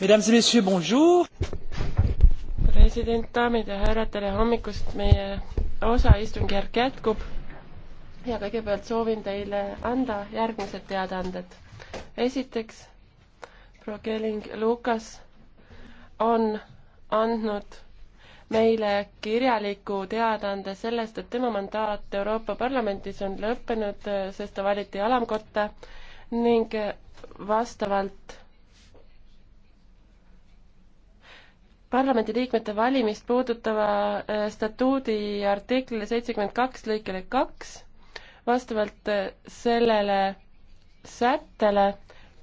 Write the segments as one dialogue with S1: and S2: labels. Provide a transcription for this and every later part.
S1: Mesdames et messieurs, bonjour. president, daamid ja härrad, tere hommikust, meie osa istungjärk jätkub. ja kõigepealt soovin teile anda järgmised teadaanded. esiteks, proua Kelling Lukas on andnud meile kirjaliku teadaande sellest, et tema mandaat Euroopa Parlamendis on lõppenud, sest ta valiti alamkotta ning vastavalt parlamendiliikmete valimist puudutava äh, statuudi artiklile seitsekümmend kaks lõikele kaks. vastavalt äh, sellele sättele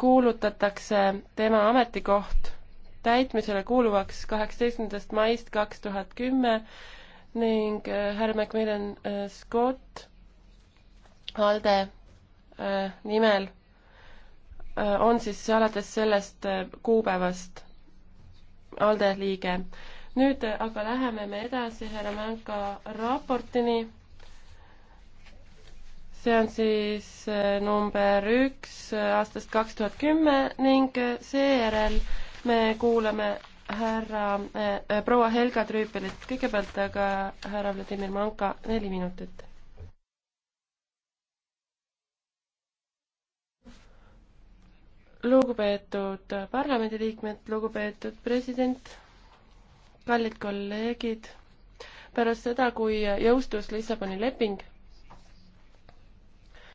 S1: kuulutatakse tema ametikoht täitmisele kuuluvaks kaheksateistkümnendast maist kaks tuhat kümme ning äh, härra Macmillan Scott ALDE nimel on siis alates sellest kuupäevast ALDE liige. nüüd aga läheme me edasi härra Mänka raportini. see on siis äh, number üks aastast kaks tuhat kümme ning äh, seejärel me kuulame härra äh, äh,, proua Helga Trüüpelit, kõigepealt aga härra Vladimir Manka, neli minutit lugupeetud parlamendiliikmed, lugupeetud president, kallid kolleegid, pärast seda, kui jõustus Lissaboni leping,